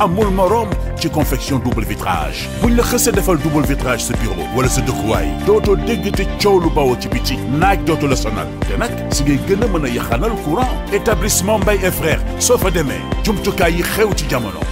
amul morom ci confection double vitrage buñ la xësee defal double vitrage sa bureau wala sa dëkkuwaay dootoo dégg te coow lu bawoo ci biti naaj dootu la sonal te nag si ngay gën a mën a yaxanal courant établissement Mbaye et frères soo fa demee jumtukaay yi xew ci jamono.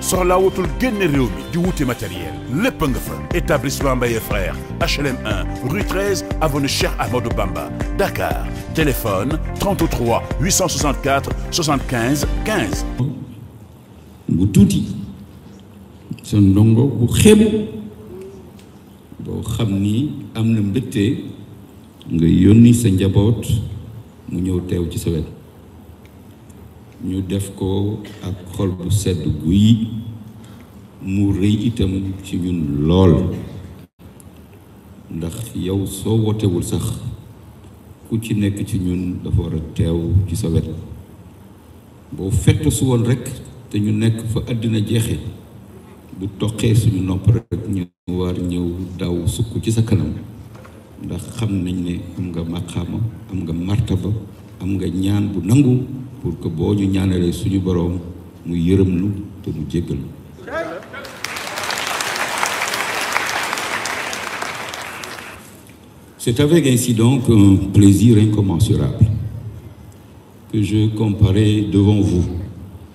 soxlaa wutul génne réew mi di wuti matériel lépp nga fa établissement Mbaye frère HLM 1 rue 13 avenue Cheikh Amadou Bamba Dakar téléphone bu tuuti sa ndongo bu xeebu boo xam ni am na mbégte nga yónni sa njaboot mu ñëw teew ci sa wet ñu def ko ak xol bu sedd guyi mu rëy itam ci ñun lool ndax yow soo wootewul sax ku ci nekk ci ñun dafa war a teew ci sa wet boo fett su woon rek te ñu nekk fa àddina jeexe bu toqee suñu nopp rekk ñu war ñëw daw sukk ci sa kanam ndax xam nañ ne am nga maqaama am nga martaba am nga ñaan bu nangu pour que boo ñu ñaanalee suñu boroom mu yërëm lu te mu jéggal C'est avec ainsi donc un plaisir incommensurable que je comparais devant vous,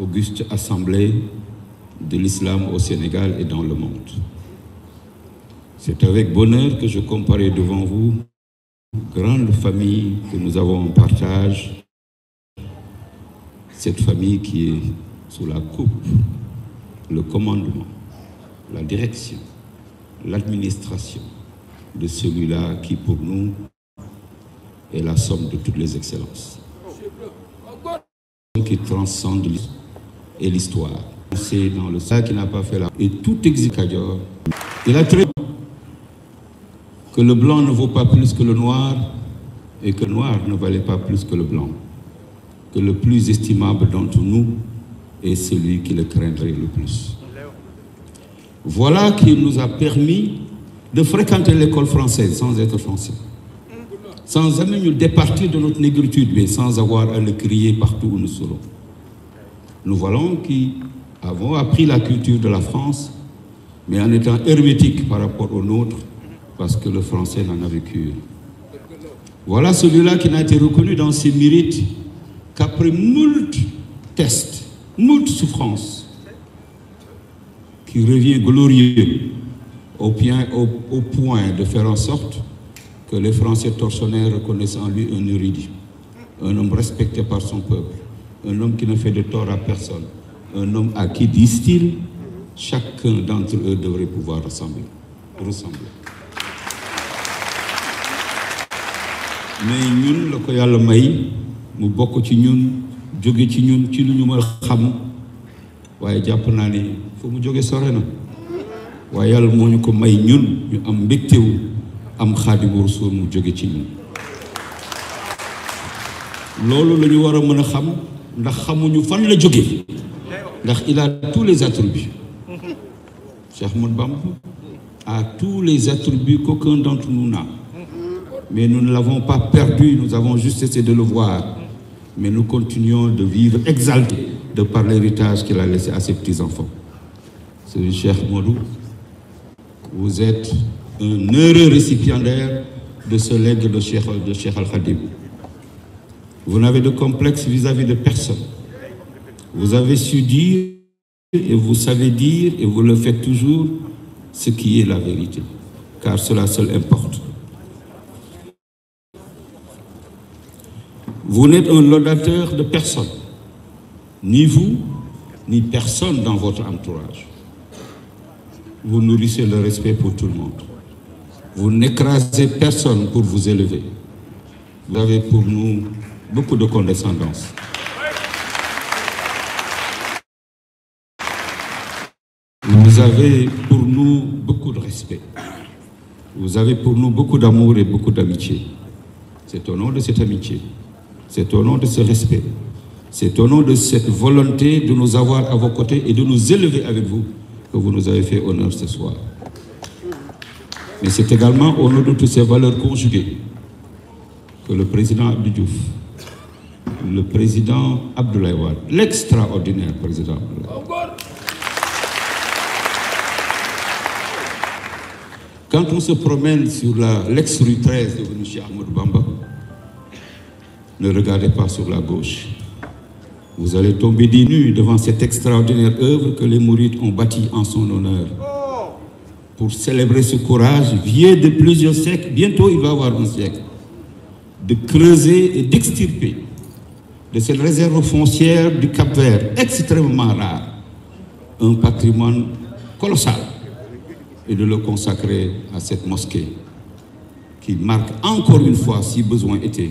auguste assemblée de l'islam au Sénégal et dans le monde. C'est avec bonheur que je comparais devant vous, grande famille que nous avons en partage, cette famille qui est sous la coupe, le commandement, la direction, l'administration de celui-là qui pour nous est la somme de toutes les excellences, qui transcende et l'histoire. C'est dans qui n'a pas fait la... Et tout exécador, il a très que le blanc ne vaut pas plus que le noir et que noir ne valait pas plus que le blanc. que le plus estimable d'entre nous est celui qui le craindrait le plus. Voilà qui nous a permis de fréquenter l'école française sans être français. Sans jamais nous départir de notre négritude, mais sans avoir à le crier partout où nous serons. Nous voilà qui avons appris la culture de la France, mais en étant hermétiques par rapport au nôtre, parce que le français n'en a vécu. Voilà celui-là qui n'a été reconnu dans ses mérites qu'après moult tests, moult souffrances, qui revient glorieux au, au, au point de faire en sorte que les Français tortionnaires reconnaissent en lui un érudit, un homme respecté par son peuple, un homme qui ne fait de tort à personne, un homme à qui, disent-ils, chacun d'entre eux devrait pouvoir ressembler. Mais nous, le Koyal mu bokk ci ñun jóge ci ñun ci lu ñu ma xam waaye jàpp naa ni fu mu jóge sore na waaye yàlla moo ñu ko may ñun ñu am mbégtewu am Xaadimu soon mu jóge ci ñun loolu lañu ñu war a mën a xam ndax xamuñu fan la jóge ndax il a tous les attributs Cheikh mun Bamba a tous les attributs qu'aucun d'entre nous n'a mais nous ne l'avons pas perdu nous avons juste essayé de le voir mais nous continuons de vivre exaltés de par l'héritage qu'il a laissé à ses petits-enfants. C'est cher Modou, vous êtes un heureux récipiendaire de ce legs de Cheikh, de Cheikh Al-Khadim. Vous n'avez de complexe vis-à-vis de personne. Vous avez su dire et vous savez dire et vous le faites toujours ce qui est la vérité, car cela seul importe. Vous n'êtes un laudateur de personne, ni vous, ni personne dans votre entourage. Vous nourrissez le respect pour tout le monde. Vous n'écrasez personne pour vous élever. Vous avez pour nous beaucoup de condescendance. Vous avez pour nous beaucoup de respect. Vous avez pour nous beaucoup d'amour et beaucoup d'amitié. C'est au nom de cette amitié C'est au nom de ce respect, c'est au nom de cette volonté de nous avoir à vos côtés et de nous élever avec vous que vous nous avez fait honneur ce soir. Mais c'est également au nom de toutes ces valeurs conjuguées que le président Abdou Diouf, le président Abdoulaye Wade, Quand on se promène sur l'ex-rue 13 de chez Ahmed Bamba, ne regardez pas sur la gauche. Vous allez tomber des nues devant cette extraordinaire œuvre que les Mourides ont bâtie en son honneur. Pour célébrer ce courage, vieux de plusieurs siècles, bientôt il va avoir un siècle, de creuser et d'extirper de cette réserve foncière du Cap-Vert, extrêmement rare, un patrimoine colossal, et de le consacrer à cette mosquée qui marque encore une fois, si besoin était,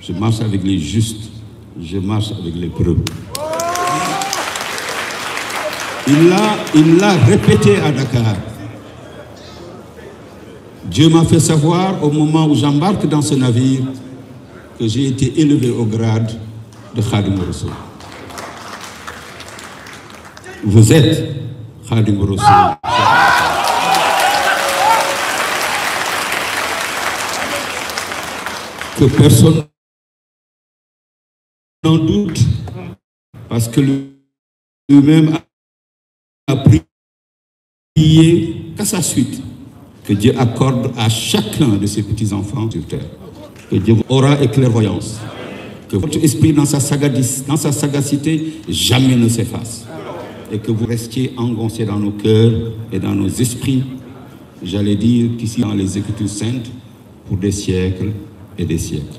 Je marche avec les justes, je marche avec les preuves. Il l'a répété à Dakar. Dieu m'a fait savoir au moment où j'embarque dans ce navire que j'ai été élevé au grade de Khadim Rasoul. Vous êtes Khadim Rasoul. Que personne en parce que a prié qu'à sa Dieu accorde à chacun de ses petits-enfants sur terre. Que Dieu aura et clairvoyance. Que votre esprit, dans sa, sagacité, jamais ne s'efface. Et que vous restiez engoncés dans nos cœurs et dans nos esprits, j'allais dire qu'ici, dans les Écritures saintes, pour des siècles et des siècles.